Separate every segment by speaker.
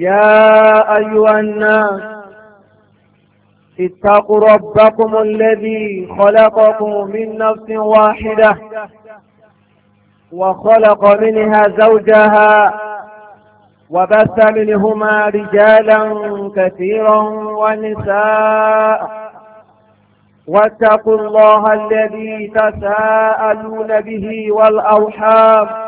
Speaker 1: يا أيها الناس اتقوا ربكم الذي خلقكم من نفس واحدة وخلق منها زوجها وبث منهما رجالا كثيرا ونساء واتقوا الله الذي تساءلون به والأوحام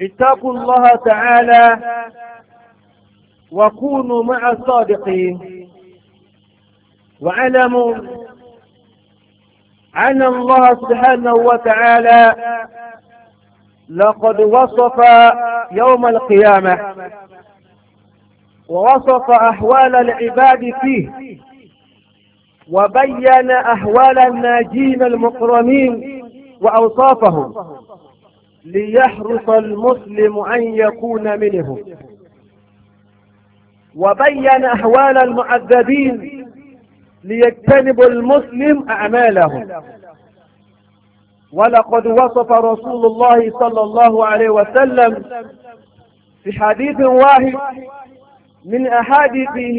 Speaker 1: اتقوا الله تعالى وكونوا مع الصادقين واعلموا أن الله سبحانه وتعالى لقد وصف يوم القيامة ووصف أحوال العباد فيه وبين أحوال الناجين المكرمين وأوصافهم ليحرص المسلم أن يكون منهم وبين أحوال المعذبين ليجتنب المسلم أعمالهم ولقد وصف رسول الله صلى الله عليه وسلم في حديث واحد من أحاديثه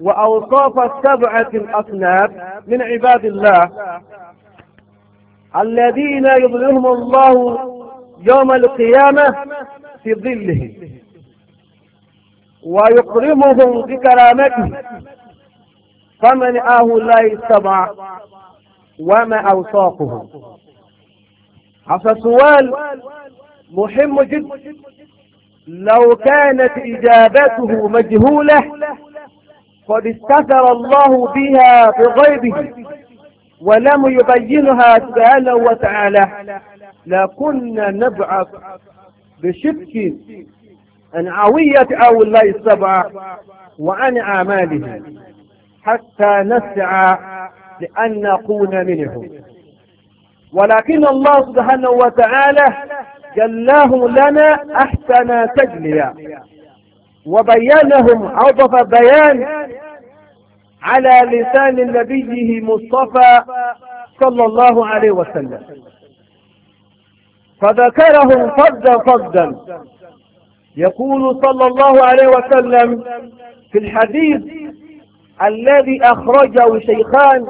Speaker 1: وأوصاف السبعة الأصناف من عباد الله الذين يظلمهم الله يوم القيامة في ظله ويكرمهم بكرامته فمن آه لا السبع وما أوصاقه هذا سؤال مهم جدا لو كانت إجابته مجهولة قد استثر الله بها في غيبه ولم يبينها سبحانه وتعالى لكنا نبعث بشك عن عوية أو الله السبعة وعن أعماله حتى نسعى لأن نكون منهم ولكن الله سبحانه وتعالى جلاه لنا أحسن تجليا وبيانهم عظف بيان على لسان نبيه مصطفى صلى الله عليه وسلم فذكرهم فضا فضا يقول صلى الله عليه وسلم في الحديث الذي أخرجه شيخان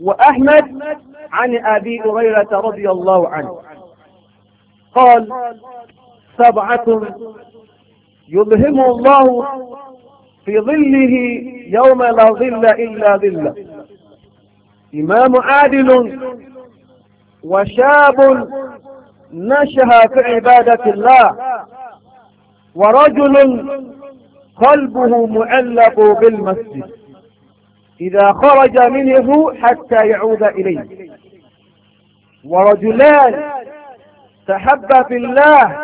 Speaker 1: وأحمد عن أبي هريرة رضي الله عنه قال سبعة يلهم الله في ظله يوم لا ظل إلا ظله إمام عادل وشاب نشأ في عبادة الله ورجل قلبه معلق بالمسجد إذا خرج منه حتى يعود إليه ورجلان تحب في الله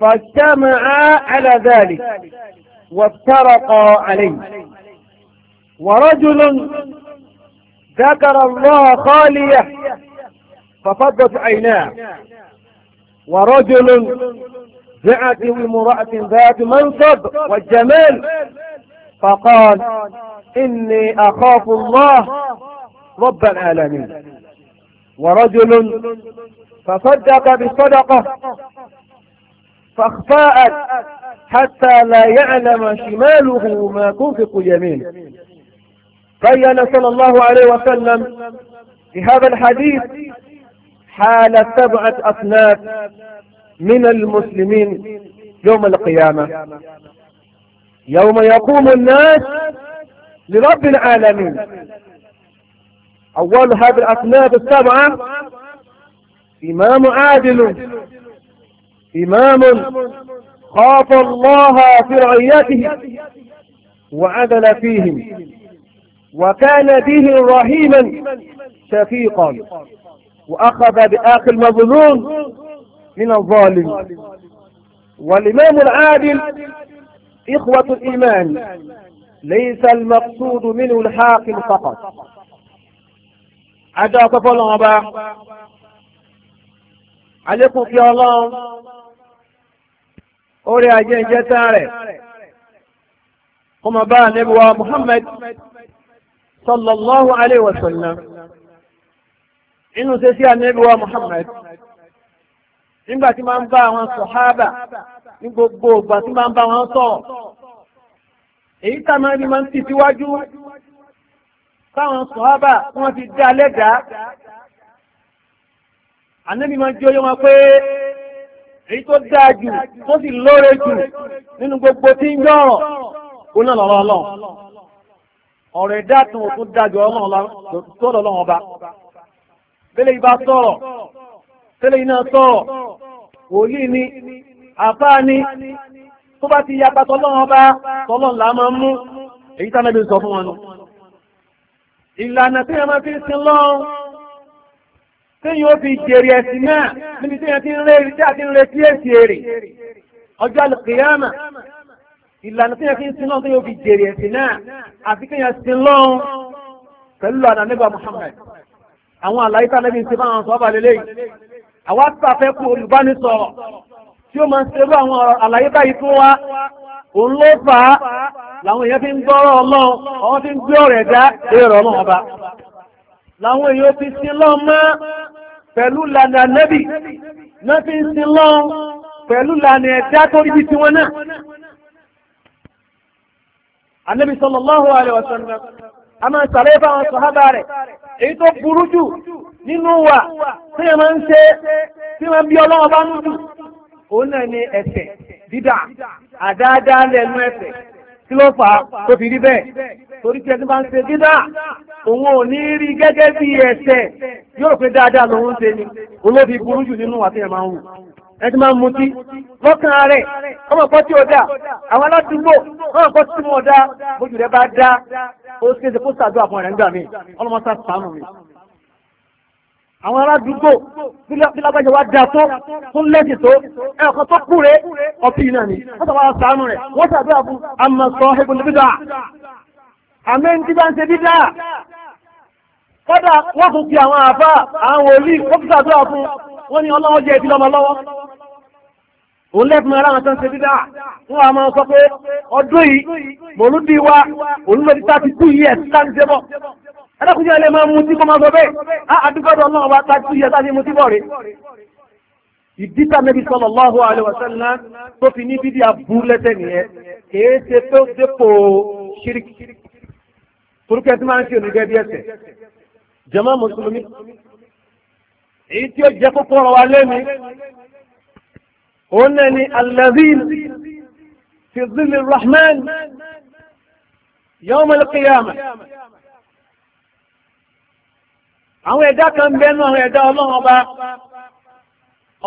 Speaker 1: فاجتمعا على ذلك وافترقا عليه ورجل ذكر الله خالية ففضت عيناه ورجل جاءت امرأة ذات منصب والجمال فقال إني أخاف الله رب العالمين
Speaker 2: ورجل
Speaker 1: فصدق بالصدقة فأخفاءت حتى لا يعلم شماله ما تنفق يمينه بين صلى الله عليه وسلم
Speaker 2: في هذا الحديث
Speaker 1: حال سبعة أصناف من المسلمين يوم القيامة يوم يقوم الناس لرب العالمين أول هذه الأصناف السبعة إمام عادل إمام خاف الله في رعيته وعدل فيهم وكان به رحيما شفيقا وأخذ بآخر المظلوم من الظالم والإمام العادل إخوة الإيمان ليس المقصود منه الحاكم فقط عدا طفل عليكم في الله orí ajé ń jẹ́ tán rẹ̀ kó máa bá ànábì wa Muhammad sallallahu alayhi wa sallam inú ṣe sí ànábì wa Muhammad nígbà tí máa ń bá àwọn sọ̀hábà ní gbogbo ìgbà tí máa ń bá wọn sọ̀rọ̀ èyí táwọn ẹni máa ń ti síwájú táwọn sọ̀hábà wọ́n ti dá lẹ́dàá ànábì máa ń jẹ́ wọn pé èyí tó dáa jù tó sì lóore jù nínú gbogbo tí ń yọ̀ràn kó náà lọ́rọ́ ọlọ́run ọ̀rọ̀ ẹ̀dá tó tó dáa jù ọlọ́run tó lọ́rọ́ ọba bẹ́lẹ̀ ibà sọ̀rọ̀ tẹ́lẹ̀ iná sọ̀rọ̀ wòlíì ni àfáà ni tó bá ti yapa tọ́lọ́run ọba tọ́lọ́run là máa ń mú èyí tánàbí sọ fún wọn nù ìlànà tí a máa fi sin lọ́run téyìn ó fi jèrè ẹ̀sìn náà níbi téyìn ti ń rẹ́rì tí a ti ń retí èsì èrè ọjọ́ àlùkìyàmà ìlànà téyìn fi ń sin náà téyìn ó fi jèrè ẹ̀sìn náà àfi kéyìn sin lọ́hùn pẹ̀lú lọ́nà nígbà Muhammad àwọn àlàyé tá lẹ́bi ń ṣe fáwọn sọ́ọ́bà lélẹ́yìn àwa sàfẹ́ kú olùbánisọ̀rọ̀ tí ó máa ń ṣerú àwọn àlàyé báyìí fún wa òun ló fà á làwọn èèyàn fi ń gbọ́rọ̀ ọlọ́run àwọn fi ń gbé ọ̀rẹ̀ dá èrò ọlọ́run ọba làwọn èèyàn fi sin lọ́ọ́ pẹ̀lú lànà nẹ́bì náà fi ń sin lọ pẹ̀lú lànà ẹ̀dá tó rí bí tiwọn náà. Ànábì sallallahu alaihi wasallam a máa sàlẹ̀ bá wọn sàhábà rẹ̀ èyí tó burú jù nínú wa tí wọ́n máa ń ṣe tí wọ́n bí ọlọ́wọ́ bá ń dù òun náà ni ẹ̀ṣẹ̀ dídà àdáadáa lẹ́nu ẹ̀ṣẹ̀. kí ló fà á tó fi rí bẹ́ẹ̀ torí tí ẹni bá ń ṣe dídá òun ò ní rí gẹ́gẹ́ bí ẹsẹ̀ yóò pé dáadáa lòun ń ṣe ni olóbi burú jù nínú àti ẹ̀ máa ń wù ẹni máa ń mutí lọ́kàn rẹ̀ ọmọ tí ó dà àwọn aládùúgbò ọmọ tí mo dá àwọn aládùúgbò bílágbàjẹ́ wá dáa tó tó lẹ́sì tó ẹ̀kọ́ tó kúre ọ̀pì náà ni wọ́n tàbí sàánú rẹ̀ wọ́n tàbí àbú àmà sọ ẹgbùn bídà àmì ń dídá ń ṣe bídà kọ́dà wọ́n tún fi àwọn àbá àwọn òlì wọ́n tún sàdúrà fún wọ́n ní ọlọ́wọ́ jẹ́ ibi lọ́mọ lọ́wọ́ òun lẹ́fún ara wọn tán ṣe dídá wọn a máa sọ pé ọdún yìí mòlúdí òun lọ ẹlẹ́kùnjẹ́ ẹlẹ́ máa mú tí kó máa sọ bẹ́ẹ̀ àdúgbọ́dọ̀ náà wá tá tí yẹta sí mú tí bọ̀ rẹ̀ ìdíta Nabi sallallahu alaihi wasallam tó fi ní bídí abú lẹ́tẹ̀ nìyẹn kìí ṣe tó dépò ṣíríkì torúkẹ́ tí máa ń ṣe onígẹ́ bí ẹsẹ̀
Speaker 2: jàmá mùsùlùmí
Speaker 1: èyí tí ó jẹ́ kókó ọ̀rọ̀ wa lẹ́nu òun náà ni alladhin fi zilli rahman yawm àwọn ẹ̀dá kan bẹ́nu àwọn ẹ̀dá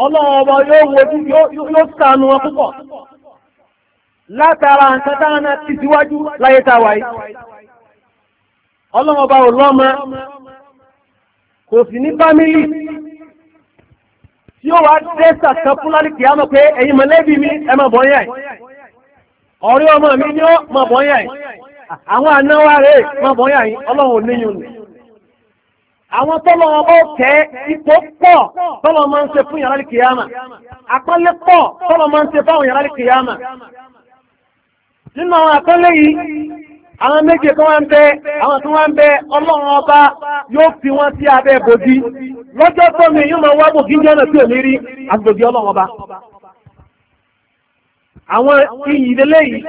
Speaker 1: ọlọ́run yóò yóò sànù wọn púpọ̀ látara nǹkan ti síwájú láyé táwa yìí ọlọ́run ò lọ́mọ kò ní fámílì tí ó wá fún pé ẹ̀yin mọ̀lẹ́bí mi ẹ yẹn ọ̀rẹ́ ọmọ mi ni ó àwọn tọ́lọ ọmọ tẹ́ ipò pọ̀ tọ́lọ máa ń ṣe fún yàrá kìyàmà àpọ́nlé pọ̀ tọ́lọ máa ń ṣe fáwọn yàrá kìyàmà nínú àwọn àpọ́nlé yìí àwọn méje tó wọ́n ń bẹ àwọn tó wọ́n ń bẹ ọlọ́run ọba yóò fi wọ́n sí abẹ́ bòdì lọ́jọ́ tó mi yóò máa wá bòdì ní ọ̀nà tí ò ní rí àgbòdì ọlọ́run ọba àwọn iyì lélẹ́yìí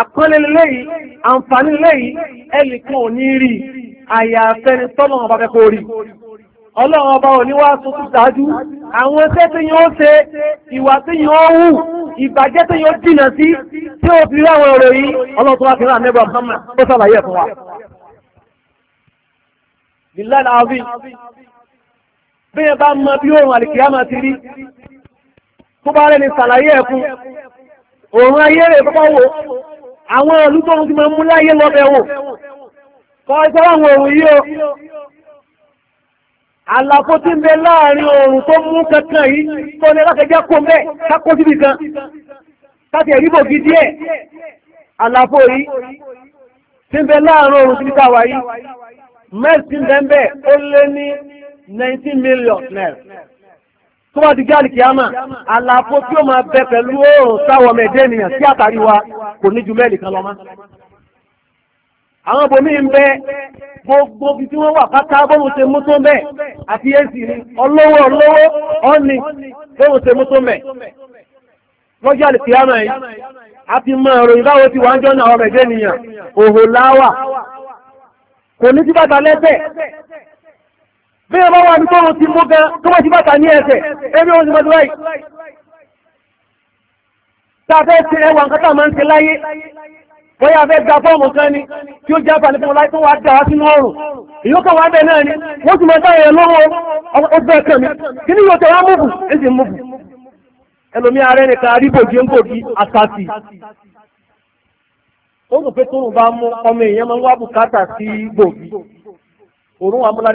Speaker 1: àpọ́nlé lélẹ́yìí àǹfààní lélẹ́yìí ẹnìkan ò ní rí i àyàfẹ́ni tọ́lọ̀ ọba fẹ́ kó rí ọlọ́run ọba ò ní wá tuntun ṣáájú àwọn ẹsẹ́ tí yóò ṣe ìwà tí yóò hù ìbàjẹ́ tí yóò jìnà sí tí ó fi ráwọn ọ̀rọ̀ yìí ọlọ́run tó wá fi rán àmẹ́bọ̀ Muhammad tó ṣàlàyé fún wa. bilal avi bí ẹ bá mọ bí òun àlìkìyàmà ti rí tó bá rẹ̀ ní ṣàlàyé ẹ̀ fún òun ayé rẹ̀ kọ́kọ́ wò àwọn ìlú tó ń ti máa mú láyé lọ́bẹ̀ wò kọ́ ìtọ́wọ̀n òun yíò àlàfo tí ń bẹ láàrin oòrùn tó mú kankan yìí tó ní lákẹjẹ́ kó mẹ́ kákó síbi kan káti ẹ̀ríbò gidi ẹ̀ àlàfo yìí tí ń bẹ láàrin oòrùn síbi táwà yìí mẹ́sìn bẹ́ẹ̀ ó lé ní 19 million naira tó bá di gáàlì kìámà àlàfo tí ó máa bẹ pẹ̀lú oòrùn sáwọ̀ mẹ́ẹ̀dẹ́nìyàn sí àtàrí kò ní ju mẹ́ẹ̀lì kan lọ àwọn bomi ń bẹ gbogbo tí wọ́n wà pátá bọ́mù ṣe mú tó mẹ́ àti èsì ọlọ́wọ́ ọlọ́wọ́ ọ́ni bọ́mù ṣe mú tó mẹ́ lọ́jọ́ àlùkìyàmà yìí a ti mọ ọ̀rọ̀ ìbáwo ti wà ń jọ́nà ọ̀rọ̀ ẹ̀jẹ̀ nìyàn òhò láwà kò ní sí bàtà lẹ́sẹ̀ bí ọmọ wà ní tóun ti mú gan tó wọ́n sí bàtà ní ẹsẹ̀ ẹbí wọn ti mọ́ láì tá a fẹ́ ṣe ẹwà láyé bóyá fẹ́ gba fọ́ọ̀mù kan ni tí ó jábà ní fún ọlá tó wá dáa sínú ọrùn èyí kan bẹ̀ náà ni wọ́n máa lọ́wọ́ ọgbẹ́ kí yóò tẹ̀wá èsì ẹlòmí ààrẹ ń àtàtì ó rò pé bá mú ọmọ èèyàn máa ń wá bùkátà sí òórùn wa agba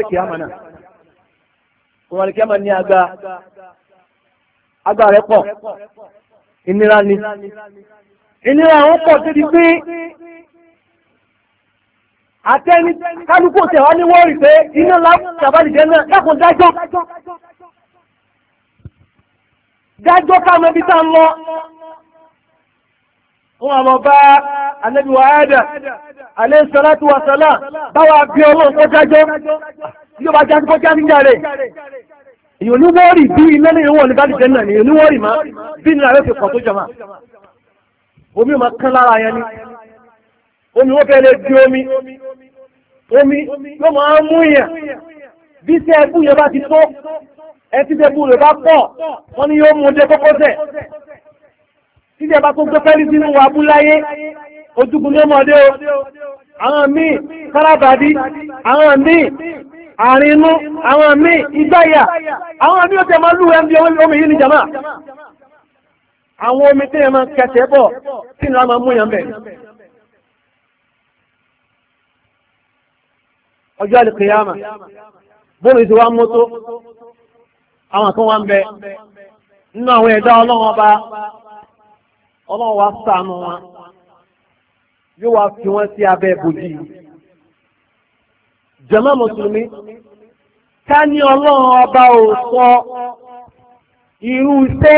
Speaker 1: agba rẹ ìnira àwọn pọ̀ tó di pé àtẹ́ni kálukú tẹ̀ wá ní wọ́ọ̀rì pé iná lábàlìjẹ́ náà dákun dájọ́ dájọ́ káàmù ẹbí tá ń lọ wọn àmọ́ bá Ànábì wa Áádà alayhi salatu wa salam báwa bí ọlọ́run kó dájọ́ yóò bá jáde kó jáde jáde èyàn ní wọ́ọ̀rì bí iná ní ìwọ̀n ní bàlìjẹ́ omi ma kán lára yẹn ni omi wọ́n fẹ́ lè di omi omi ló máa mú yẹn bí sẹ́ ẹbú yẹn bá ti tó ẹtí sẹ́ ẹbú rẹ̀ bá pọ̀ wọ́n ní yóò mú un dé kókósẹ̀ títí ẹ̀bá tó gbé pẹ́lí sínú wa abúláyé ojúkun ló mọ̀dé o àwọn míì káràbàdí àwọn míì àrínú àwọn míì ìgbáyà àwọn míì ó tẹ̀ máa lù ẹ́ bí omi yìí ni jàmáà àwọn omi tí yẹn máa kẹsẹ̀ bọ̀ tí nira máa mú yàn bẹ̀. ọjọ́ àlùkìyàmà
Speaker 2: bóòlù ti wá mọ́tò àwọn kan wá ń bẹ
Speaker 1: nínú àwọn ẹ̀dá ọlọ́run ọba ọlọ́run wa ṣàánú wọn yóò wá fi wọ́n sí abẹ́ bòjì jàmá mùsùlùmí ká ní ọlọ́run ọba ò sọ irú iṣẹ́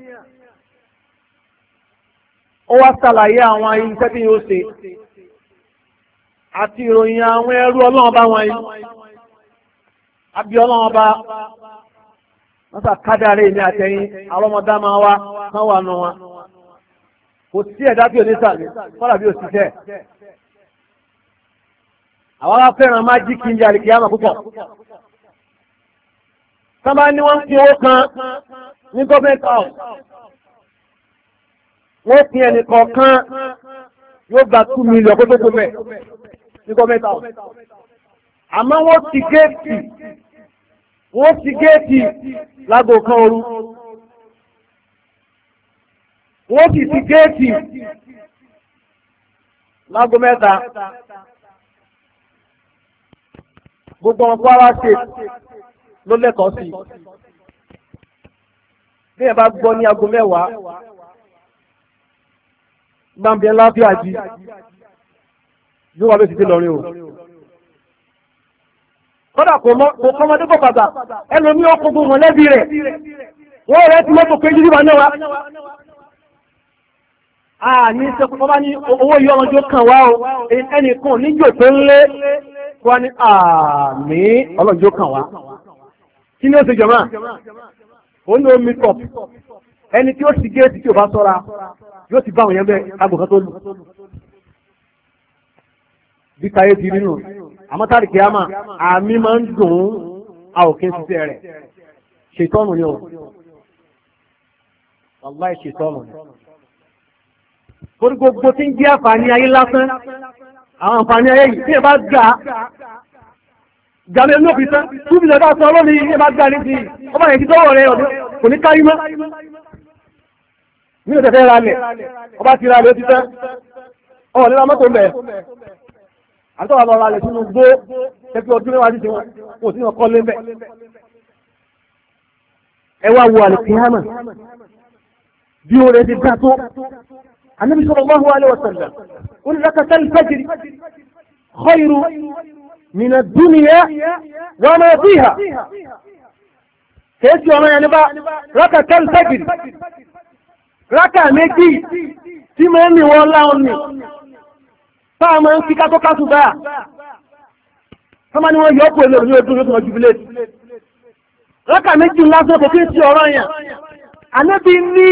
Speaker 1: ó wá ṣàlàyé àwọn iṣẹ́ tí yóò ṣe àti ìròyìn àwọn ẹrú ọlọ́run bá wọn yìí àbí ọlọ́run bá wọ́n sà kádàrí èmi àtẹ̀yìn àrọ́mọdá máa wá kán wà nù wọn kò sí ẹ̀dá bí onísàlẹ̀ kọ́là bí òṣìṣẹ́ àwọn ará fẹ́ràn máa jí kí n jẹ àlìkìyàmà púpọ̀ sábà ní wọ́n ń fi owó kan ní gọ́ọ̀mẹ̀ntì house wọ́n fi ẹnì kọ̀ọ̀kan yóò gba two million kó tó kó bẹ̀ ní gọ́mẹ́ta ọ̀. àmọ́ wọ́n ti géètì wọ́n ti géètì lágbo kan ooru wọ́n sì ti géètì lágbo mẹ́ta gbogbo ọmọ Kwara state ló lẹ́kọ̀ọ́ sí bí ẹ bá gbọ́ ní aago mẹ́wàá bá ń bẹ láfíà jí yóò wá bẹ́ẹ̀ sì ti lọrin o kódà kò kọ́mọdé kò bàbà ẹlòmí ọkọ̀ gbogbo mọ̀lẹ́bí rẹ̀ wọ́n rẹ̀ ti mọ́tò pé yìí wà náà a ní sẹ́kù bá ní owó yọ ọmọdé kan wá o ẹnìkan níjò tó ń lé wá ní àmì ọlọ́jọ́ kan wá. kí ni ó ti jọ̀mọ́? ó ní omi kọ̀pù ẹni tí ó sì géètì tí ò bá sọ́ra yóò ti bá àwọn yẹn bẹ́ẹ̀ agbòkan tó lù bí káyé ti rí nù àmọ́ táàrí kí á mà àmì máa ń dùn ún
Speaker 2: a ò kí n ṣiṣẹ́ rẹ̀
Speaker 1: ṣètọ́nù ni o wàláì ṣètọ́nù ni torí gbogbo tí ń jẹ́ àǹfààní ayé lásán àwọn àǹfààní ayé yìí tí ẹ bá gbà gàmé lókìtán túbìlẹ̀ bá sọ ọlọ́ni ẹ bá gbà níbi ọmọ yẹn ti tọ́wọ́ rẹ ọ̀dọ́ kò ní kárí mọ́ mi ò tẹ̀fẹ́ ra lẹ̀ ọba ti ra lẹ̀ ó ti tẹ́ ọ̀ nílá mọ́tò mẹ́ àtọ́wà lọ ra lẹ̀ sínú gbó tẹ́kí ọdún mẹ́wàá títí wọn kò sí ọkọ lé mẹ́ ẹ wá wo àlùkìyàmà bí o rẹ̀ ti dá tó Ànábì sallallahu alaihi wasallam ó ní lákàtà ìfẹ́jìrì khairu min ad-dunya wa ma fiha kèésì ọmọ yẹn nípa rákàtà ìfẹ́jìrì rákà méjì tí mẹ́ ní wọ́n láwọn ni táà máa ń fi kátó kásù bá sọ́mọ́ ni wọ́n yọ ọ́pọ̀ èlò ní ojú lóṣùwọ̀n jubilé rákà méjì lásán kò kí ń ti ọ̀rọ̀ yẹn àlébi ní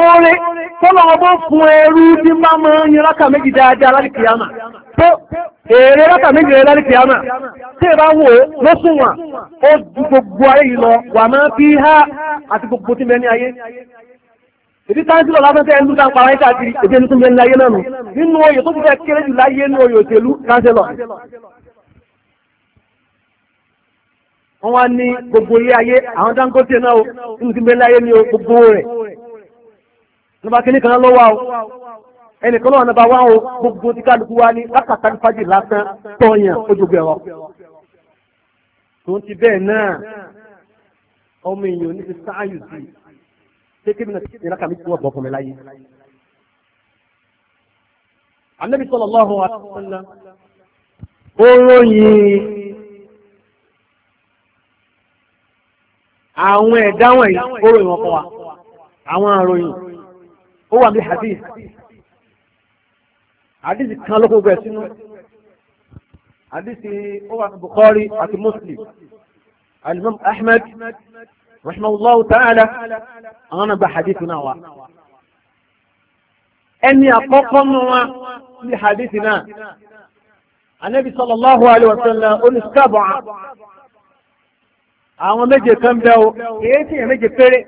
Speaker 1: oore tọ́lọ̀ ọmọ fún ẹrú tí má máa ń yin rákà méjì dáadáa láti kìyàmà tó èrè rákà méjì rẹ̀ láti kìyàmà tí ìbá wò lọ́sùnwọ̀n ó gbogbo ayé yìí lọ wà máa fi há àti gbogbo tí mẹ́ ní ayé èdè táńsílọ̀ lásán tẹ́ ẹnu tán pàrọ̀ ẹ̀ka èdè ẹnu tún bẹ láyé náà nù nínú oyè tó ti fẹ́ kéré jù láyé nínú oyè òṣèlú táńsílọ̀. wọ́n wá ní gbogbo ilé ayé àwọn Dangote náà ń ti bẹ láyé ní gbogbo rẹ̀ nígbà kí nìkan lọ́wọ́ o ẹnìkan náà nàbà wá o gbogbo tí kálukú wá ní lákàtà fàjì lásán tọ̀yàn ojúgbẹ̀ ọ. tó ti bẹ́ẹ̀ náà ọmọ èèyàn ní ti sáàyù sí i pé kébì náà kéde lákàmí tí wọ́n bọ̀ fún mi láyé. Ànábì sallallahu alaihi wasallam ó ròyìn àwọn ẹ̀dá wọ̀nyí ó ròyìn wọn kọ́ wa àwọn àròyìn ó wà ní hadith hadith kan ló kó gbẹ sínú hadith ó wà ní Bukhari àti Muslim Al-Imam Ahmad rahimahullahu ta'ala. àwọn náà hadith náà wá ẹni àkọ́kọ́ nù wá ní hadith náà anabi sallallahu alayhi wa sallam onisikabu àwọn méje kan bẹ o kìí sì yẹn méje péré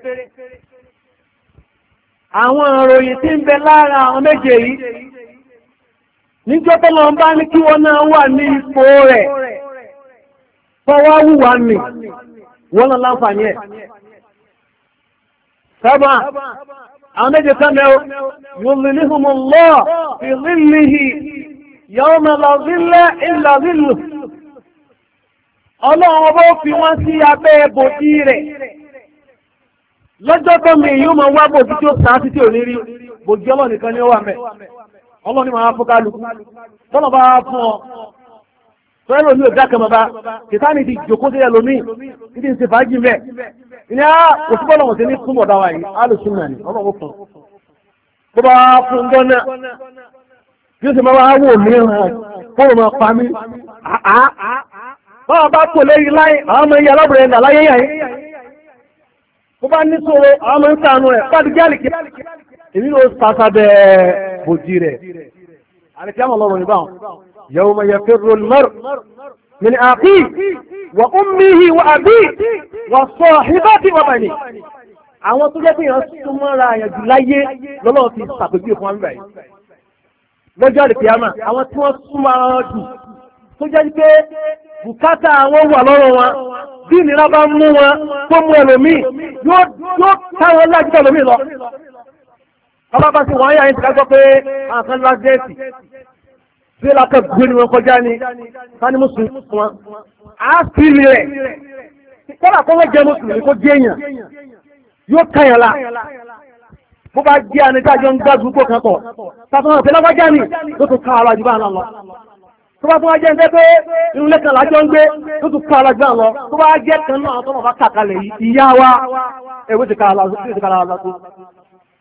Speaker 1: àwọn òròyìn tí ń bẹ lára àwọn méje yìí níjọ́ tó lọ bá ní kí wọ́n náà wà ní ipò rẹ̀ fọwọ́ سبع أو نجتمع يظلهم الله في ظله يوم لا ظل إلا ظله ọlọ́run ọba ó fi wọ́n sí abẹ́ bòdì rẹ̀ lọ́jọ́ tó mi yóò máa wá bòdì tí ó sàn án títí òní tọ́lá lómi ò dákẹ́ mọ́ bá kìtáni ti jòkó sílẹ̀ lómi ìdí ìsìn fàájì mẹ́ ìní á òṣùpọ̀ lọ́wọ́ sí ní túnbọ̀ dáwà yìí alùsùn náà ni ọlọ́wọ́ fún bó bá fún gbọ́nà ha sì máa wá wò mí hàn fóònù máa pa mí báwa bá kò àwọn ọmọ láyé bó bá ní àwọn ọmọ ń sànù gẹ́lì kí èmi ló bòjì rẹ̀ يوم يفر المرء
Speaker 2: من أخيه
Speaker 1: وأمه وأبيه وصاحبته وبنيه àwọn tó jẹ́ pé èèyàn súnmọ́ra èèyàn jù láyé lọ́lọ́run ti ṣàpèjúwe fún àmì báyìí lọ́jọ́ àlùkìyàmà àwọn tí wọ́n súnmọ́ra wọn jù tó jẹ́ pé bùkátà àwọn wà lọ́rọ̀ wọn bí ìnira bá mú wọn tó mú ẹlòmíì yóò táwọn lájú ẹlòmíì lọ. ọlọ́pàá sì wọ́n yà ní ti gbọ́ pé àwọn lọ́sẹ̀ẹ́sì sí lákà gbé ni wọn kọjá ni sani mùsùlùmí wọn á sí rẹ̀ kọ́lá kọ́wọ́ jẹ́ mùsùlùmí kó jẹ́ èèyàn yóò kàyàn la bó bá jẹ́ anidájọ́ ń gbádùn kó kan pọ̀ tàbí wọn pẹ̀lú ọgbàjá ni ló tún ká ara jù bá ń lọ tó bá tún wá jẹ́ ń tẹ́ pé irun lẹ́kan lájọ́ ń gbé ló tún ká ara jù lọ tó bá jẹ́ kan náà tó náà bá kàkalẹ̀ yìí ìyá wa ẹ̀wọ́ ti ká ara tó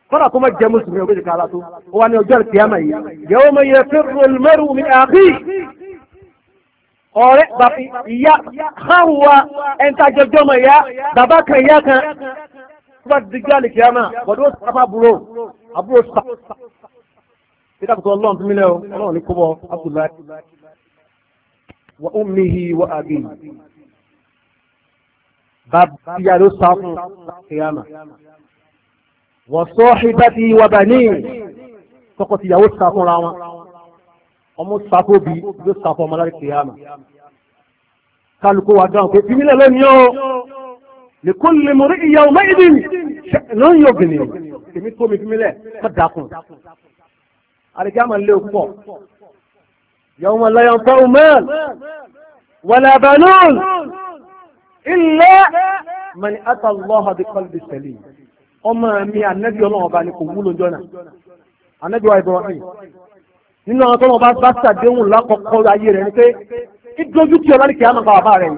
Speaker 1: kọ́nà kó má jẹ́ mùsùlùmí òbí ìdíkà aláàtó ó wà ní ọjọ́ ìkìyàmà yìí yẹ́wọ́ mọ̀ yẹ fẹ́ rọlmẹ́rù mi àbí ọ̀rẹ́ bàbí ìyá káwùwà ẹ̀ńtàjẹjọ́ mọ̀ ìyá bàbá kan ìyá kan
Speaker 2: tó bá di gíláàlì kìyàmà bọ̀dọ̀
Speaker 1: ó sábà búrò àbúrò sá. Bíkà kò tó ọlọ́run fún mi lẹ́wọ̀ ọlọ́run ní kóbọ̀ Abdullahi wa ummihi wa abi. Bàbá ìyá ló sá fún وصاحبتي وبني فقط يوت سافو راما ọmọ safo bi ló safo ọmọ láti kìyàmà kálukú wa dáhùn pé fìmílẹ̀ lónìí o lè kó lè mọ̀rí ìyàwó mẹ́rin ló ń yọ gìnì èmi tó mi fìmílẹ̀ ká dákun. àdìgáàmà lé o pọ̀ yàwó ma láyàn fẹ́ umar wàlà banun ilẹ̀ mani ata bí kọ́lbì sẹ́lẹ̀ ọmọ mi ànẹ́bí ọlọ́run ọba ni kò wúlò jọ́nà ànẹ́bí wa Ibrahim nínú àwọn tọ́lọ́ bá bá ṣàdéhùn lákọ̀ọ́kọ́ ayé rẹ̀ ni pé ìdójú tí ọlọ́run kìí àmọ́ bàbá rẹ̀ ni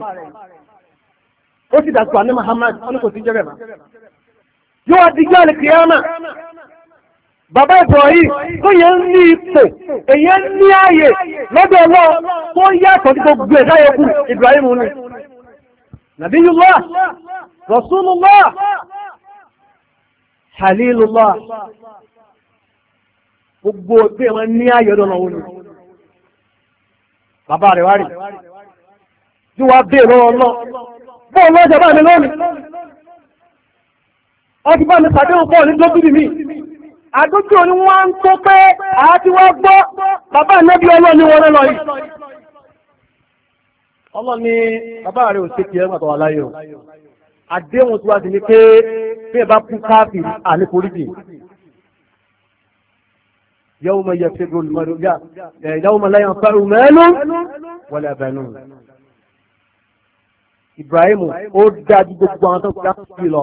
Speaker 1: ó sì dàgbà ní Muhammad wọn kò sí jẹ́rẹ̀ mọ́ yóò adigun àlè kìí àmọ́ bàbá Ibrahim tó yẹn ní ipò èyàn ní ààyè lọ́dọ̀ ọlọ́run tó yàtọ̀ tí gbogbo ẹ̀dá yẹn kù Ibrahim ni Nabiyullah Rasulullah Khalilullah gbogbo pé wọn ní ayọ̀dọ̀ náà wọ́n ni bàbá rẹ̀ wá rí tí bèèrè lọ́jọ́ bá mi lónìí ọdún bá mi pàdé ní mi àdójú wọ́n tó pé àti àdéhùn tí wá sí ni pé bí ẹ bá kú káàfì àníforíjì yàwó ma yẹ fẹ́gbọ́n lùmọ́dọ́gá yàwó eh, ma láyàn fẹ́rù mẹ́lú wọlé abẹ́nú. Ibrahim ó dájú gbogbo àwọn tó kúrò sí lọ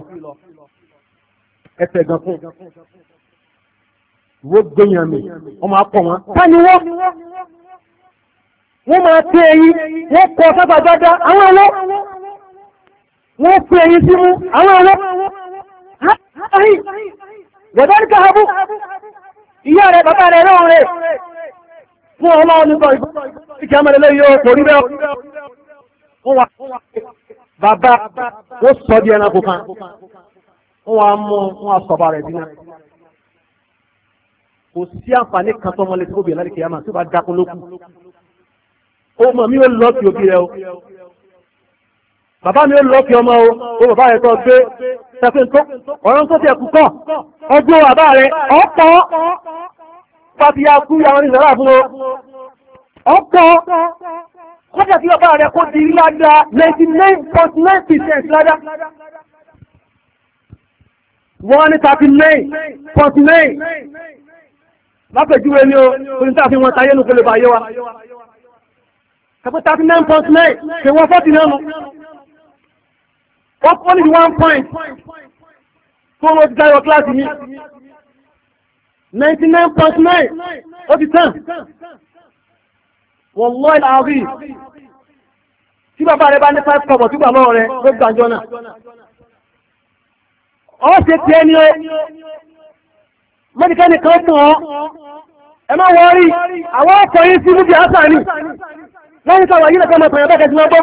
Speaker 1: ẹsẹ̀ gan fún wo gbẹ̀yàn mi wọ́n máa pọ̀ wọ́n. Táni wọ́n wọ́n máa tẹ́ ẹyin wọ́n kọ sábà dáadáa àwọn ọlọ́ wọ́n pè ẹyin sí mú àwọn ọ̀rọ̀ ààrí gẹ̀dọ́ríkà habú ìyá rẹ̀ bàbá rẹ̀ rán rẹ̀ fún ọmọ onígbọ̀ ìkẹ́ amẹ́lẹ́lẹ́ yóò torí bẹ́ bàbá ó sọ di ẹranko kan wọ́n á mú wọn bàbá mi ó lọ fi ọmọ o ó bàbá rẹ̀ tọ́ gbé tẹ́fíntó ọ̀rọ̀ tó ti ẹ̀kú kàn ọjọ́ bàbá rẹ̀ ọ̀pọ̀ pàtíyà kú yàwọn ní sàrà fún o ọ̀pọ̀ kọjá kí bàbá rẹ̀ kó di ládá 99.9% ládá wọ́n ní 39.9 lápẹ̀júwe ni o oníta fi wọn tayé nù kó lè bàyé wa kàpẹ́ 39.9 ṣe wọ́n 40 náà ó kọ́ ní one point tó ló ti dáyọ kíláàsì mi ninety nine point nine ó ti tán wallahi àárí tí bàbá rẹ bá ní five kọ́bọ̀ tí bàbá rẹ ló gbàjọ náà ó ṣe tiẹ̀ ni ó
Speaker 2: mẹ́ríkẹ́ni kan tàn ọ́ ẹ má wọ́rí àwọn ọkọ̀ yìí sí níbi àṣà ni
Speaker 1: lẹ́yìn káwọn yìí lẹ́kọ̀ọ́ mọ̀ pẹ̀lú bẹ́ẹ̀ kẹ́sì náà bọ́.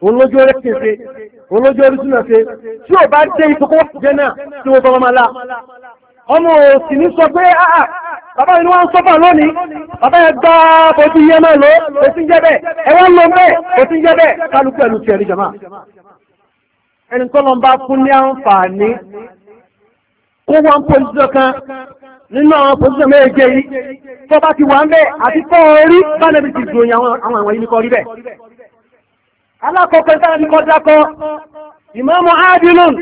Speaker 1: olójú orí kéde olójú orí súnà ṣe tí ò bá dé ìtòkó jẹ náà tí wọ́n fọwọ́ máa la ọmọ òsì ní sọ pé àà ah, ah, bàbá inú wọn sọ́fà lónìí bàbá yẹn gbá òsì yẹn máa lọ òsì jẹ bẹ́ẹ̀ ẹ̀wọ́n lọ bẹ́ẹ̀ òsì jẹ bẹ́ẹ̀ kálukú ẹ̀lú tiẹ̀ ní jama ẹni tó lọ bá fún ní àǹfààní kó wọn pòlíṣọ kan nínú àwọn pòlíṣọ méje yìí tó ti wà ń bẹ́ẹ̀ àti tó orí bá lẹ́bi ti dùn àwọn àwọn ìwọ̀nyí ní kọ́ rí bẹ́ẹ̀ alákọ̀ọ́kọ́ sára ní kọ́dákọ́
Speaker 2: ìmáàmù áàdìlùn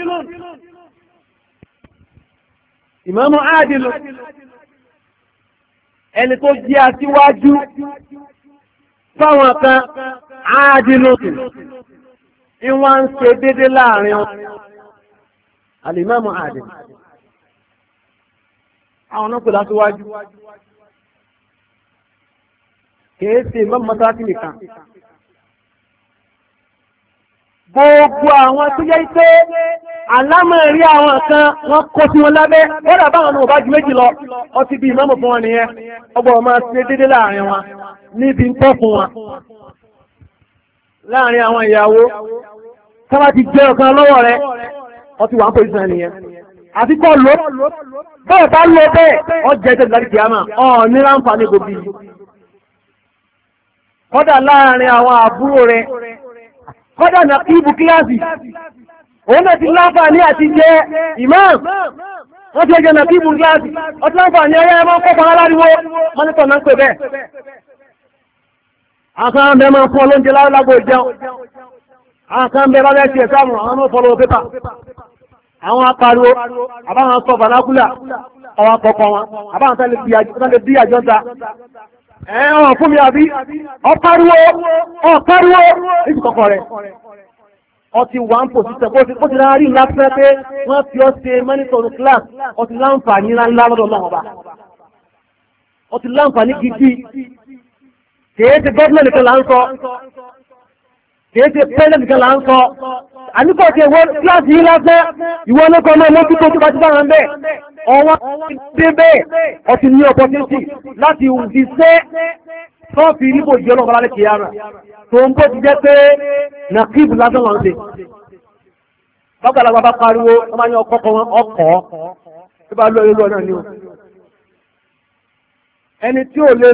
Speaker 1: ìmáàmù áàdìlùn ẹni tó jẹ́ aṣíwájú fáwọn kan áàdìlùn ìwọ́n ń ṣe déédé láàrin wọn alìmáàmù áàdìlùn àwọn náà pẹ̀lú aṣíwájú kìí ṣe ìmáàmù mọ́tàkì nìkan gbogbo àwọn tó yẹ́ pé alámọ̀rí àwọn kan wọ́n kó sí wọn lábẹ́ wọ́n dàbá àwọn ọba jù méjì lọ ọtí bí ìmáàmù fún wọn nìyẹn ọgbọ̀n máa ṣe láàrin wọn níbi ń tọ́ fún wọn láàrin àwọn ìyàwó sábà ti jẹ́ ọ̀kan lọ́wọ́ rẹ ọtí wà ń pè àti kọ́ ló bẹ́ẹ̀ bá lọ bẹ́ẹ̀ ọ̀ ní láǹfààní kọ́dà láàrin àwọn àbúrò rẹ kọ́dà nà kíbù kíláàsì òun náà ti láǹfààní àti jẹ imam wọ́n ti ẹjọ́ nà kíbù kíláàsì ọtí láǹfààní ayé ẹmọ kọ́kọ́ aláriwo mọ́nítọ̀ náà ń pè bẹ́ẹ̀ àwọn kan bẹ máa fún ọlóúnjẹ lálágbó ìjẹun àwọn kan bẹ bá bẹ́ẹ̀ ti ẹ̀sáàmù àwọn náà fọlọ́wọ́ pépà àwọn apariwo àbáwọn sọ bàlákùlà ọwọ́ àkọ́kọ́ wọn àbáwọn ẹ̀wọ̀n fún mi àbí ọ̀páriwo ọ̀páriwo níbi kọ̀kọ̀ rẹ̀ ọtí wà ń pòsítẹ̀ kó ti rárí lásán pé wọ́n fi ọ́ ṣe mẹ́nítọ̀rù class ọtí láǹfààní ńláńlá lọ́dọ̀ náà ọba ọtí láǹfààní gidi kìí ti gọ́ọ̀mẹ̀ nìkan là ń sọ kìí ti pẹ́lẹ̀ nìkan là ń sọ àníkọ̀ ti ìwọ kíláàsì yìí lásán ìwọ ọlọ́kọ̀ náà lójúkọ̀ tó bá ti bá wọn bẹ́ẹ̀ ọwọ́ débẹ̀ ọtí ní opportunity láti fi ṣe tọ́ọ̀fì níbo ìjọ ọlọ́run lálẹ́ kìí ara tó ń bó ti jẹ́ pé nàkíb lásán lọ́n ṣe bágbàlagbà bá pariwo wọ́n máa ní ọkọ̀ kan ọkọ̀ tó bá lọ ìlú ọ̀nà ni o ẹni tí ò lè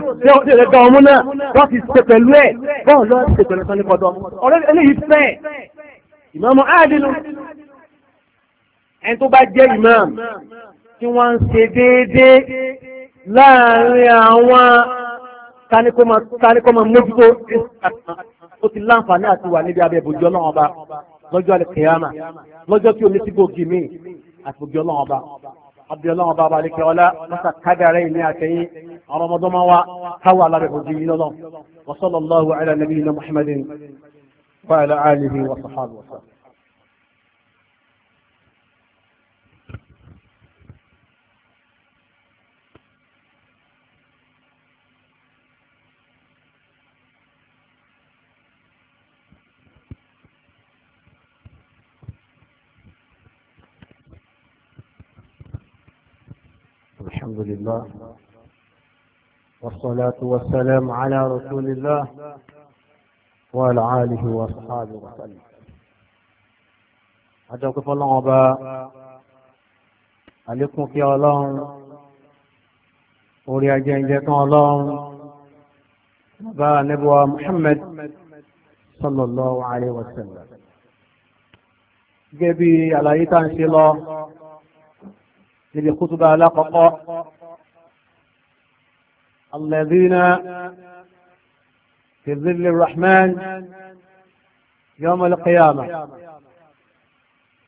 Speaker 1: dán ọmú náà wọ́n ti ṣe pẹ̀lú ẹ̀ bọ́ọ̀ lọ́ọ́ ṣe pẹ̀lú sanni kọ́dọ̀ ọ̀rẹ́ eléyìí fẹ́ tó bá jẹ́ ìmọ̀ọ́mù tí wọ́n ń ṣe déédéé láàrin àwọn tánikọ́mọ mójútó ó ti láǹfààní àti wà níbi abẹ́ ìbòjú ọlọ́run ọba lọ́jọ́ àlẹ́kẹ̀yàmà lọ́jọ́ tí omi ti gògì míì àti ìbòjú ọlọ́run ọba abdulayi ọba abalẹ kẹwàlá masa kádàrá yìí ní àtẹyìn ọmọdé ọmọ wa káwà alábẹ ìbòjú yìí lọ́lọ́ wasalaamu alayhi wa sallam muhammadin wa ala alihi wa sahabu wa sallam. الحمد لله والصلاة والسلام على رسول الله وعلى آله وأصحابه وسلم أدعوك فالله أبا عليكم في الله أولي أجين جيكم الله أبا نبوة محمد صلى الله عليه وسلم جبي على إيطان الله níbi kútùbà alákọ̀ọ́kọ́ alẹ́dínà kìzìlì rahman yọmọlẹ kìyàmà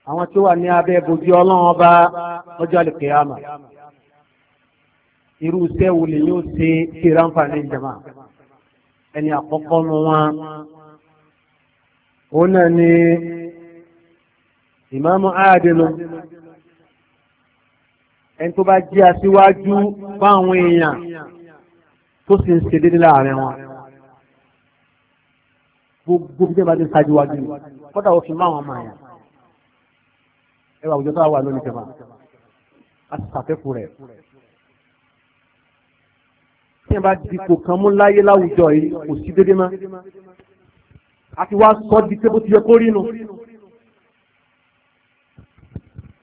Speaker 1: àwọn tí wà ní abẹ́ bojú ọlọ́run ọba lọ́jọ́ àlùkìyàmà irú iṣẹ́ wo lè yóò ṣe ṣe ránfààní ìjàmà ẹni àkọ́kọ́ nu wọn òun náà ni ìmáàmù áàdínú ẹni tó bá jí aṣíwájú fáwọn èèyàn tó sì ń ṣe dédé láàrin wọn gbogbo bí jẹ́bàá ti ṣáájú wájú ni kọ́dà òfin máa wọn máa yàn ẹwà àwùjọ tó wà lónìí jẹba a ti ṣàfẹ́kù rẹ̀ tí ẹ bá dipò kan mú láyé láwùjọ yìí kò sí dédé mọ́ àti wá sọ di pé bó ti yẹ kó rí nu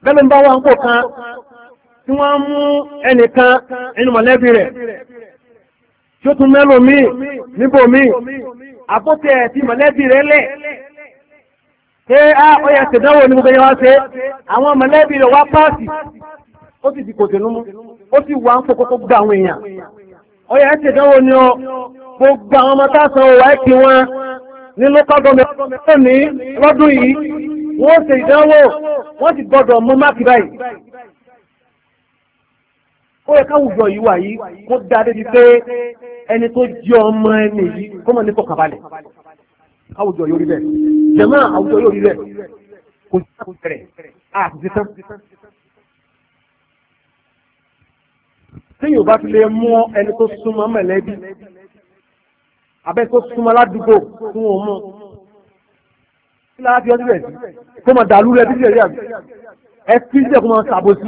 Speaker 1: bẹ́ẹ̀ ló ń bá wa ń pò kan tí wọ́n mú ẹnìkan nínú mọ̀lẹ́bí rẹ̀ tí ó tún mẹ́lò míì níbò míì àbótẹ́ ti mọ̀lẹ́bí rẹ̀ lẹ̀ pé á ọyà ṣèdánwò ní gbogbo yẹn wá ṣe àwọn mọ̀lẹ́bí rẹ̀ wá páàsì ó sì ti kòtò númú ó sì wà ń fokókó gba àwọn èèyàn ọyà ṣèdánwò ni ọ gbogbo àwọn ọmọ tá a san owó àìkí wọn ní local government lónìí lọ́dún yìí wọ́n ṣe ìdánwò wọ́n ti gbọ́dọ̀ mú máàkì ó yẹ káwùjọ yìí wà yìí kó dáa débi pé ẹni tó jẹ ọmọ ẹni yìí kó mọ̀ ní fọkàbalẹ̀ káwùjọ yóò rí bẹ́ẹ̀ jẹ̀mọ́ àwùjọ yóò rí bẹ́ẹ̀ kò sí àkókò rẹ̀ àti tán. téèyàn bá fi lè mú ẹni tó súnmọ́ mẹ̀lẹ́bí abẹ́ tó súnmọ́ ládùúgbò fún òun mọ́ kí lára fi ọdún rẹ̀ sí kó mọ̀ dàlú rẹ̀ bí rẹ̀ rí àbí ẹ fi sílẹ̀ kó mọ̀ sàbòsí.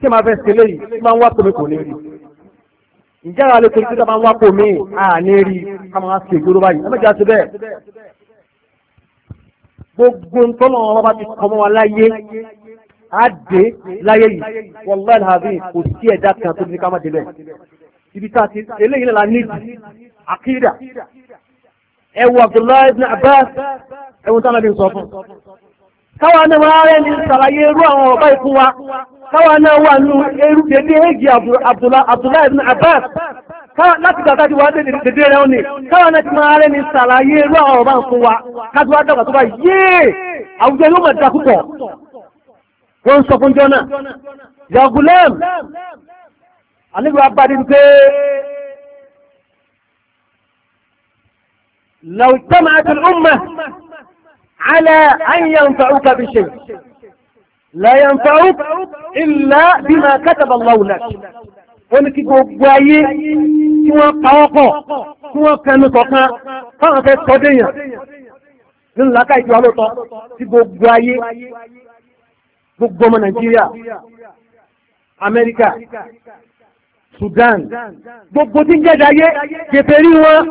Speaker 1: tí máa fẹ́ ṣe léyìí tí máa ń wá pòmí kò ní rí ǹjẹ́ àwọn alẹ́ torí tí máa ń wá pòmí à ní rí ká máa ṣe ìgboro báyìí ẹ méjì àti bẹ́ẹ̀ gbogbo ntọ́nà wọn bá ti kọ́ mọ́ wa láyé á dé láyé yìí wàlláhi àbí kò sí ẹ̀dá kan tó ní ká má débẹ̀ ibi tá a ti eléyìí náà la nídìí àkídà ẹ wọ Abdullahi ibn Abbas ẹ wọ sọ fún káwa náà wá rẹ̀ ní sàlàyé irú àwọn ọ̀bá ikú wa káwa náà wà ní eru dédé èjì Abdullahi ibn Abbas láti gbàgbà tí wà dédé rẹ̀ òní káwa náà ti máa rẹ̀ ní sàlàyé irú àwọn ọ̀bá ikú wa kájú wá dàgbà tó bá yéè àwùjọ yóò mọ̀ dá púpọ̀ wọ́n sọ fún jọ́nà yagulem alẹ́gbẹ̀ẹ́ abadi pé لو اجتمعت الأمة على أن ينفعوك بشيء لا ينفعوك إلا بما كتب الله لك wọ́n ní kí gbogbo ayé tí wọ́n pa ọkọ̀ tí wọ́n kẹnu kọ̀kan fáwọn fẹ́ sọdéyàn nínú làákà ìjọ alótọ́ tí gbogbo ayé gbogbo ọmọ Nàìjíríà Amẹ́ríkà Sudan gbogbo tí ń jẹ́dá ayé kèfèrí wọn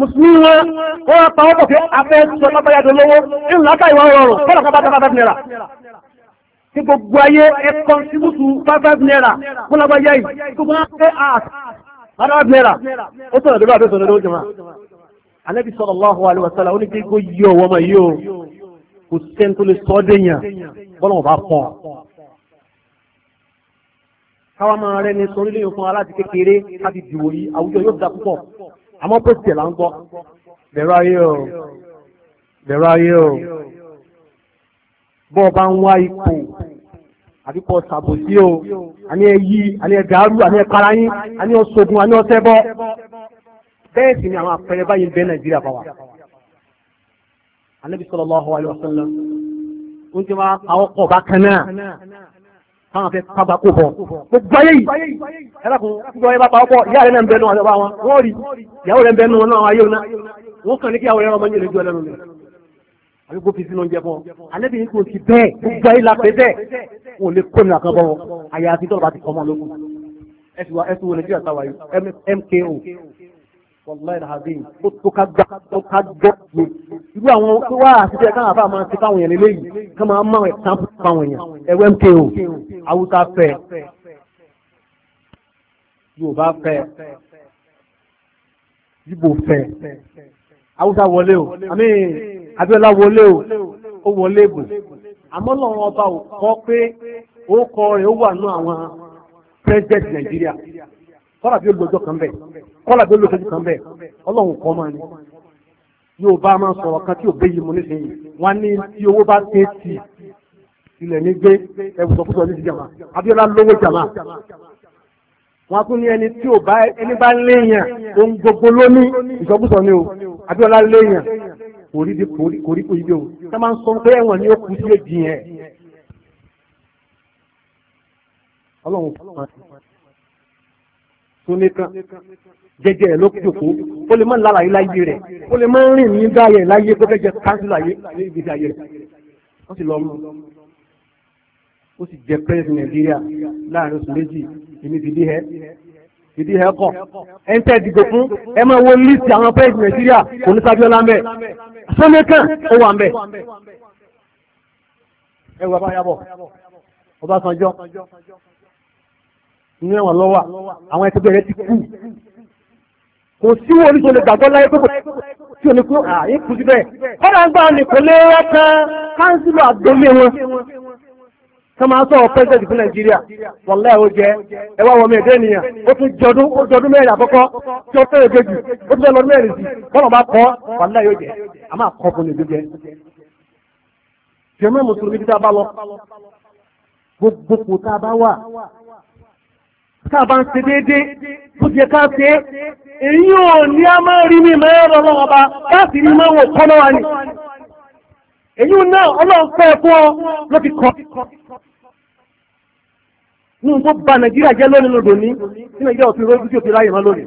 Speaker 1: mùsùlùmí wọn wọ́n pa wọ́n pọ̀ pé afẹ́ sọ lágbàyàdó lọ́wọ́ nínú látà ìwà rọrùn kọ́lọ̀ kan bá dá five naira tí gbogbo ayé ẹ̀kọ́ sí mùsù five naira fún lágbàyà yìí tó bá fẹ́ àt five naira ó sọ̀rọ̀ lórí àbẹ́sọ̀ lórí ojúmọ́ Ànábì sallallahu alaihi wasallam ó ní kí kó yí ọwọ́ ọmọ yìí o kò sẹ́ni tó lè sọ ọ́ dẹ̀yàn bọ́lọ̀ bá pọ̀ káwa máa rẹni sọ orílẹ̀-èdè fún aláàtì kékeré kábi dìwòyí àwùjọ yóò da púpọ̀ àmọ́ pé tiẹ̀ là ń gbọ́ bẹ̀rù ayé o bẹ̀rù ayé o bọ́ ọ bá ń wá ipò àbí kọ́ sàbòsí o àní ẹ yí àní ẹ dàrú àní ẹ para yín àní ọ sogun àní ọ ṣẹbọ bẹ́ẹ̀ sì ni àwọn àpẹẹrẹ báyìí ń bẹ nàìjíríà bá wa. anabi sallallahu alaihi wasallam oúnjẹ wa àwọn ọkọ̀ bá kan náà táwọn fẹ́ pàgbà kó bọ̀ gbogbo ayé yìí ẹlẹ́kùn gbogbo ayé bá pa ọ̀pọ̀ ìyá rẹ̀ náà ń bẹnu àwọn ọba wọn wọ́n rí ìyàwó rẹ̀ ń bẹnu wọn náà ayé wọn wọ́n kàn ní kí àwọn ẹ̀rọ ọmọ yẹn lójú ẹlẹ́nu rẹ̀ àbí kó fi sínú oúnjẹ fún ọ ní kò sí bẹ́ẹ̀ gbogbo ayé la pé bẹ́ẹ̀ wọn ò lè kó nìkan bọ́ àyà àti tọ́lọ̀ bá ti kọ́mọ lókun ẹsì wa ẹsì wo nàìjíríà táwa yìí MKO wàlúwàlú àhàbíyìn ó tó ká gbọ́ tó ká gbọ́ mi irú àwọn tó wá àtijọ́ ẹ̀ káwọn afá máa ti fáwọn èèyàn lélẹ́yìí ká máa máa ẹ̀ sáǹpù fáwọn èèyàn ẹ̀wẹ̀ MKO haúsá fẹ́ yorùbá fẹ́ yíbo fẹ́ haúsá wọlé o àmì abiola wọlé o ó wọlé bò àmọ́ lọ́wọ́ ọba ò kọ́ pé ó kọ rẹ̀ ó wà ní àwọn president nàìjíríà kọ́lá bí ó lójọ́ kan bẹ̀ kọ́lá bí ó lójọ́ kan bẹ̀ ọlọ́run kọ́ máa ní yorùbá máa sọ̀rọ̀ kan tí ò béyìí mo nísìnyí wọ́n á ní tí owó bá tẹ́ tì í ilẹ̀ ní gbé ẹ̀wùsọ̀kúsọ ní ti jàmá Abíọ́lá lówó jàmá wọn tún ní ẹni tí ò bá ẹni bá léèyàn ohun gbogbo ló ní ìsọkúsọ ni o Abíọ́lá léèyàn kò rí kò rí kò yí bí o ṣé máa ń sọ pé ẹ̀wọ̀n ni ó kú sílé di yẹn ọlọ́run fún wa sunni kan jẹjẹ ẹ ló jòkó ó lè má lára yìí láyé rẹ ó lè má rìn ní dáyẹ láyé pé kẹjẹ káńsìlà yìí ní ibi ayé rẹ wọ́n sì lọ mú un ó sì jẹ president Nàìjíríà láàrin oṣù méjì èmi ti dí ẹ ìdí ẹ kọ ẹ ń tẹ́ ìdìbò fún ẹ máa wo líìsì àwọn president Nàìjíríà kò ní sábíọ́lá ń bẹ̀
Speaker 2: sọ́nẹ́kàn ó wà ń bẹ̀
Speaker 1: ẹ wà bá yàbọ̀ Ọbásanjọ́ ní ẹ̀wọ̀n lọ́wọ́ àwọn ẹ̀tẹ́gbẹ́ rẹ ti kú kò sí wo oníṣòwò lè gbàgbọ́ láyé pé tí o ní kú àyè kú síbẹ̀ kọ́dà ń gbà ní kò lè rẹ́ kan káńsílò àgbélé wọn sọmọ sọ president fún nàìjíríà wàlẹ́ ò jẹ ẹ wá wọmi ẹ̀dẹ́ nìyẹn ó tún jọdún o jọdún mẹ́rin àkọ́kọ́ tí ó fẹ́rẹ̀ gbèjì ó tún lọ́dún mẹ́rin sí bọ́lá bá kọ́ wàlẹ́ yóò jẹ a máa kọ́ fún ìlú jẹ. jẹ́mọ́ mùsùlùmí tí a bá lọ gbogbo kò tá a bá wà tá a bá ń ṣe déédéé bó ti ká ṣe èyí ò ní a máa rí mi máa rọ̀ lọ́wọ́ bá káàkiri máa wò kọ́ náà wà ní èyí náà ọlọ́run fẹ́ fún ọ ló fi kọ́ ní tó ba nàìjíríà jẹ́ lónìí lòdò ní tí nàìjíríà òfin rójú tí òfin ráyè mọ́ lónìí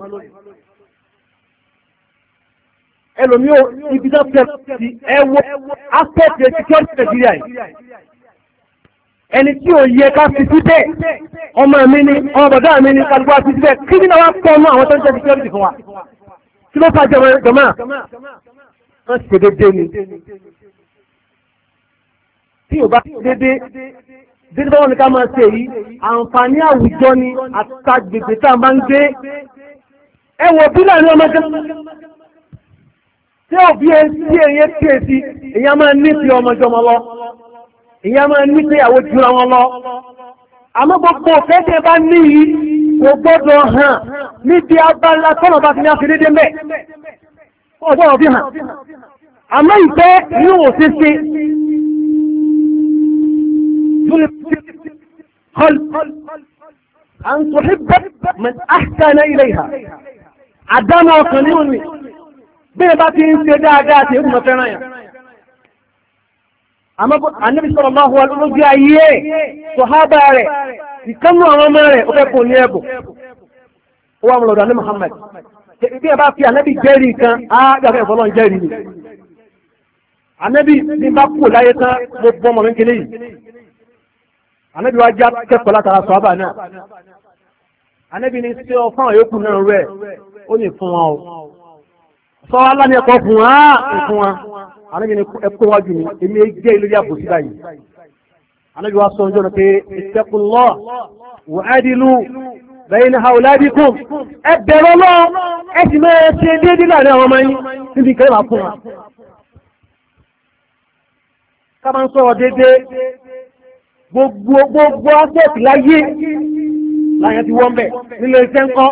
Speaker 1: ẹlòmíì ibi tó fẹ́ ti ẹwọ́ aspect security nàìjíríà yìí ẹni tí ò yẹ ká fi síbẹ̀ ọmọ mi ni ọmọ bàbá mi ni kálukú àti síbẹ̀ kí ni wàá pọ̀ mọ́ àwọn tó ń jẹ́ security fún wa kí ló fà jọmọ́ jọmọ́ wọ́n ṣe déédéé ni tí ò bá dédé dédé báwọn ní ká máa ṣe yìí àǹfààní àwùjọ ni àtàgbègbè tá a máa ń gbé ẹ wọ bílà ní ọmọ kan tí òbí ẹ sí ẹyẹ tí ẹ sí èyàn máa ní sí ọmọjọ ọmọ lọ èyàn máa ní sí ìyàwó jura wọn lọ àmọ́ gbogbo òfẹ́dẹ̀ bá ní yìí kò gbọ́dọ̀ hàn níbi abala tọ́nà bá ti ní àfi dédé mẹ́ ọjọ́ ọ̀bí hàn àmọ́ ìfẹ́ yóò ṣe ṣe القلب أن تحب من أحسن إليها
Speaker 2: عدم وقنوني
Speaker 1: بيباتي انتداداتي هم فنايا أما النبي صلى الله عليه وسلم أيه صحابة عليه يكملوا أمام عليه وكيفوا نيابوا هو أمر الله محمد bí ẹ bá fi ànábì jẹ́rì kan á gbàgbé ìfọlọ́n jẹ́rì ni ànábì ní bá kú láyé tán mo anabi wa jẹ́ akẹ́kọ̀ọ́ látara sọ́ọ́bà náà anabi ní sí ọ fáwọn yòókù náà rẹ̀ ó ní fún wọn o
Speaker 2: sọ́ọ́ alámi ẹ̀kọ́ fún wa fún wa
Speaker 1: anabi ní ẹ̀kọ́ wájú mi èmi jẹ́ ìlú yàgò sí báyìí anabi wa sọ ọjọ́ náà pé ittaqullah wa adilu bẹ́yìn hauladikum ẹgbẹ̀rọ lọ ẹ̀sì mẹ́rẹ̀ ṣe déédé láàrin àwọn ọmọ yìí níbi kẹrẹ máa fún wa ká máa ń sọ̀rọ̀ déédé gbogbo gbogbo asẹ́ẹ̀tì láyé láyé ti wọ́n bẹ̀ nílé iṣẹ́ ńkọ́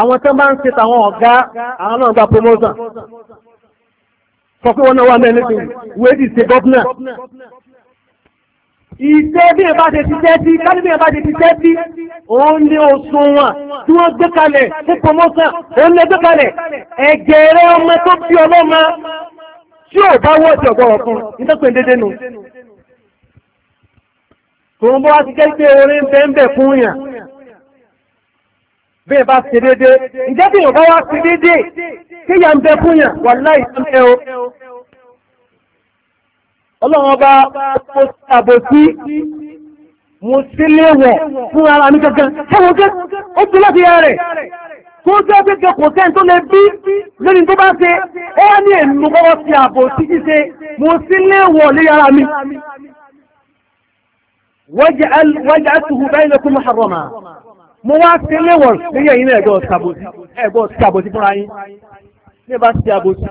Speaker 1: àwọn tó bá ń ṣe tàwọn ọ̀gá àwọn náà gba promotion sọ pé wọ́n náà wà mẹ́rin tó wéèdì ṣe gọ́fúnà ìṣẹ́ bí ẹ bá ṣe ti tẹ́tí kájú bí ẹ bá ṣe ti tẹ́tí òun ní òṣùwọ̀n tí wọ́n gbé kalẹ̀ fún promotion òun lè gbé kalẹ̀ ẹ̀gẹ̀rẹ̀ ọmọ tó bí ọlọ́mọ tí ò bá wọ́ọ̀dì ọ̀gọ́rọ̀ fún nítorí pé dédé nù tòun bó wá ti jẹ́ pé orin bẹ́ẹ̀bẹ̀ fún yàn bí ẹ bá ṣe dédé ìjẹ́ bí ìyàn bá wá ṣe dédé kí yà ń bẹ fún yàn wà láì tó mẹ́ o ọlọ́run ọba mo ṣàbò sí mo sí léwọ̀ fún ara mi gangan ṣẹ́wọ̀n gẹ́ ó ti láti yára rẹ̀ tó jẹ́ pé kò sẹ́ni tó lè bí lórí tó bá ṣe ó wá ní ènìyàn kọ́kọ́ ti àbò sí ṣíṣe mo sí léwọ̀ lé yàrá mi waj'altuhu bainakum muharrama mo wá sí léwọ̀n lórí ẹ̀yin náà ẹ̀gbọ́n ṣàbòsí ẹ̀gbọ́n ṣàbòsí fúnra yín ní bá ṣe àbòsí.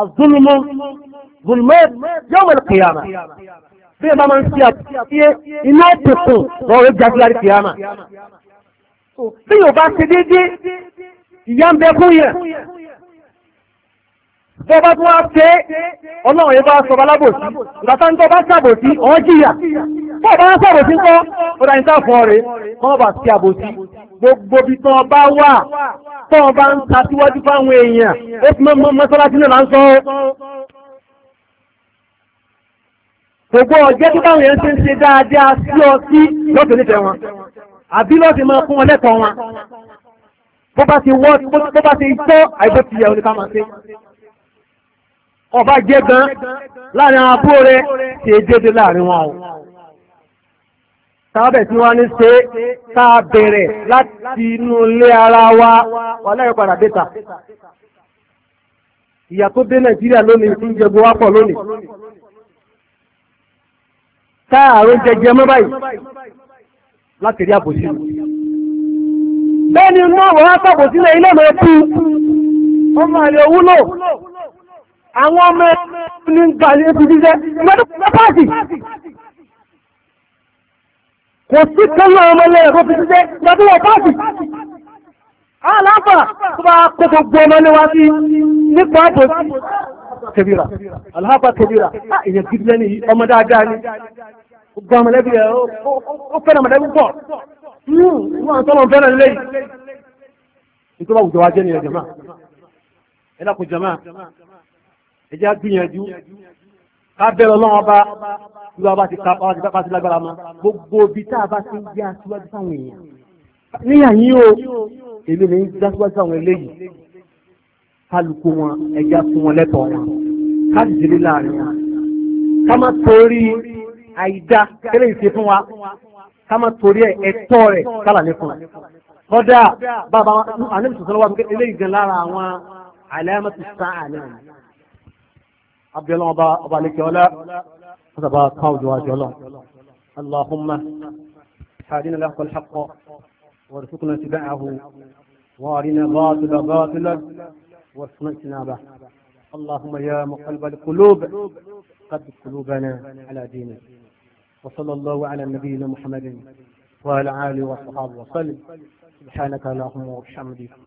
Speaker 1: azulumu zulumọ yóò mọ̀ kìyàmà bí ẹ bá máa ń ṣe àbòsí iná òkùnkùn lọ́wọ́ jásílárí kìyàmà. bí yóò bá ṣe déédéé ìyá ń bẹ fún yẹn tó bá tún wá ṣe ọlọ́run yẹn bá sọ balábòsí ìgbà táwọn tó bá ṣàbòsí ọ̀ jìyà bọ́ọ̀bá ń sọ̀rọ̀ sí wọ́n ọ̀dá ìta fún ọ̀rẹ́ wọ́n bá sí àbòsí gbogbo bí tán bá wà tán bá ń ta síwájú fáwọn èèyàn ó fi mọ́ mọ́sálásí náà ń sọ gbogbo ọjọ́ tó báwọn èèyàn ṣe ń ṣe dáadáa sí ọ sí lọ́sọ̀ nífẹ̀ẹ́ wọn àbí lọ́sẹ̀ máa fún wọn lẹ́tọ̀ọ́ wọn bó bá ti wọ́ bó bá ti tọ́ àìbó ti yẹ oníkà máa ṣe ọba jẹ́ gan láàrin àbúrò rẹ̀ ṣe é déédéé láàrin wọn o tàbẹ̀ tí wọ́n ní ṣe tá a bẹ̀rẹ̀ láti inú ilé ara wa wà láyé padà bẹ́ta ìyà tó dé nàìjíríà lónìí tí ń jẹ gbowó pọ̀ lónìí tá àrùn jẹjẹ mọ́ báyìí láti rí àbòsí bẹ́ẹ̀ni inú àwọn aṣàbòsí náà ilé mọ̀ ẹkú ọmọ àlè òwúlò àwọn ọmọ ẹni ń gbà ní ibi jíjẹ mẹ́tò pàtàkì kò sí kánú ọmọ ilẹ̀ ẹ̀kọ́ fi ṣiṣẹ́ gbàdúrà káàkì aláfà tó bá kó gbogbo ọmọ níwá sí nípa àbò kẹbìrà aláfà kẹbìrà ah, èèyàn gidi lẹ́ni ọmọ dáadáa ni gbogbo ọmọ lẹ́bi ẹ̀ ó fẹ́ràn mọ̀lẹ́bí pọ̀ hmm, wọ́n tọ́lọ̀ fẹ́ràn lẹ́yìn nítorí àwùjọ wa jẹ́ ni ẹ̀ jẹ̀má ẹ̀ lákòó jẹ̀má ẹ̀ jẹ́ gbìyànjú abẹ́rẹ́ ọlọ́run ọba ìlú ọba ti kápá ọba ti kápá sí lágbára mọ́ gbogbo ibi tá a bá ti ń jẹ́ aṣíwájú fáwọn èèyàn níyà yín o èmi ní jẹ́ aṣíwájú fáwọn eléyìí kálukú wọn ẹja fún wọn lẹ́tọ̀ọ́ wọn káàdì délé láàrin wọn ká má torí àìdá tẹ́lẹ̀ ìṣe fún wa ká má torí ẹ̀tọ́ rẹ̀ kálà ní fún wa kọ́dà bàbá àníbi sọ̀tọ́ lọ́wọ́ eléyìí gan lára àwọn àlẹ́ اللهم حالنا الحق الحق وارزقنا اتباعه وارنا باطل باطلا وارزقنا اجتنابه اللهم يا مقلب القلوب قد قلوبنا على دينك وصلى الله على نبينا محمد وعلى اله وصحبه وسلم سبحانك اللهم وبحمدك